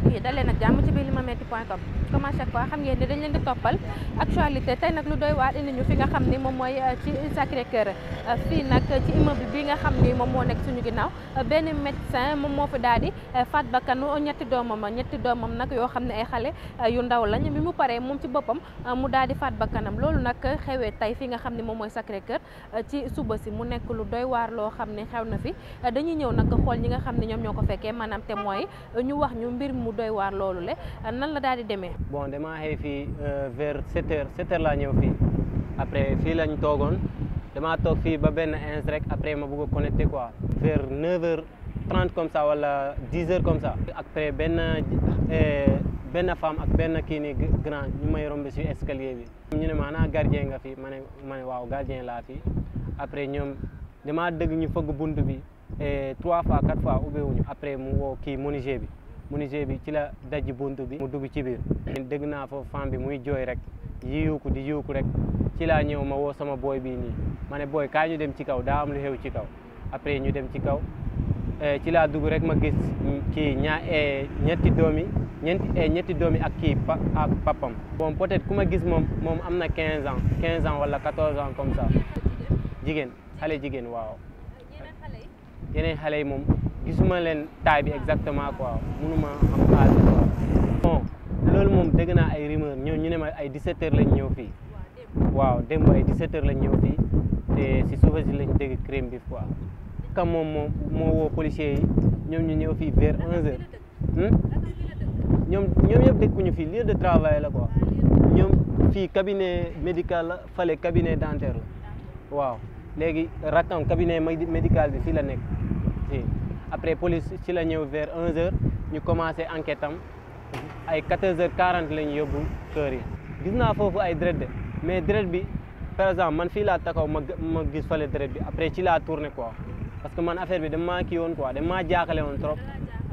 mbokk yi dalee nag jàmm ci di toppal actualité tey nag lu doy waar indi ñu fi nga xam ni moom mooy euh, ci Sacré Cœur euh, nag ci immeuble bi nga xam ni moom moo nekk suñu ginnaaw euh, benn médecin moom moo fi daal di faat bakkanu ñetti doomam ñetti doomam nag yoo xam ne ay xale yu ndaw lañ bi mu paree moom ci boppam mu daal di faat bakkanam loolu nag xewee tey fi nga xam ni moom mooy Sacré Cœur ci suba si mu nekk lu doy waar loo xam ne xew na fi dañuy ñëw nag xool ñi nga xam ne ñoom ñoo ko fekkee maanaam te mooy ñu wax ñu mbir mu mu doy waar loolu le nan la daal di demee. bon damaa xëy fii euh, vers sept heures sept heures laa ñëw fii après fii lañ toogoon damaa toog fii ba benn ins après ma bëgg a connecté quoi vers neuf heures trente comme ça wala dix heures comme ça. après benn euh, benn femme ak benn kii nii grand ñu may romb si escalier bi. ñu ne ma ana gardien nga fi ma ne ma ne waaw gardien laa fi après ñoom damaa dëgg ñu fëgg bunt bi. et trois fois quatre fois ubbeewuñu après mu woo kii menuisier bi menuisier bi ci la dajji bunt bi mu dugg ci biir dégg naa foofu femme bi muy jooy rek yi yuuku di yuuku rek ci laa ñëw ma woo sama booy bii nii ma ne booy kaa ñu dem ci kaw daa am lu xew ci kaw après ñu dem ci kaw eh, ci laa dugg rek ma gis ki kii ñaa eh, ñetti doomi ñeenti eh, ñetti doomi ak kii ak papam bon peut-être ku ma gis moom moom am na quinze ans quinze ans wala quatorze ans comme ça jigéen xale jigéen waaw yeneen xale yi gisuma leen taay bi exactement quoi mënuma am xaalis quoi bon loolu moom dégg naa ay rumeur ñëw ñu ne ma ay 17 heures lañ ñëw fii waaw démb ay 17 heures lañ ñëw fii te si suba si lañ dégg crime bi quoi kam moom moo moo woo policier yi ñoom ñu ñëw fii vers 11 heures hmm? ñoom ñoom yëpp dëkkuñu fii lieu de travail la ko ñoom fii cabinet médical la fale cabinet dentaire la waaw léegi rakkam cabinet médical bi fii la nekk fii après police ci la ñëw vers 11h ñu commencé enquête am ay 14h40 la ñu yóbbu kër yi. gis naa foofu ay deret de mais deret bi par exemple man fii laa taxaw ma ma gis fale deret bi après ci laa tourné quoi parce que man affaire bi dama maa kii woon quoi dama maa jaaxale woon trop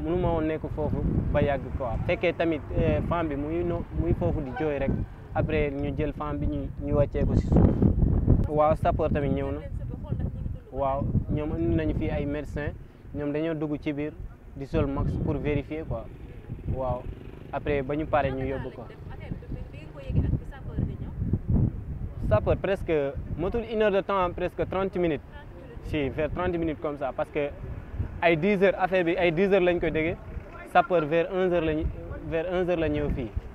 mënu ma woon nekk foofu ba yàgg quoi fekkee tamit euh, femme bi mu no muy foofu di jooy rek après ñu jël femme bi ñu ñu wàccee ko si suuf. waaw sapeur tamit ñëw na waaw ñoom indi nañu fii ay médecin ñoom dañoo dugg ci biir di sol max pour vérifier quoi waaw après ba ñu paree ñu yóbbu ko sapeur presque motul une heure de temps presque trente minutes si vers trente minutes comme ça parce que ay dix heures affaire bi ay dix heures lañ koy déggee sapeur vers onze heures lañ vers onze la ñëw fii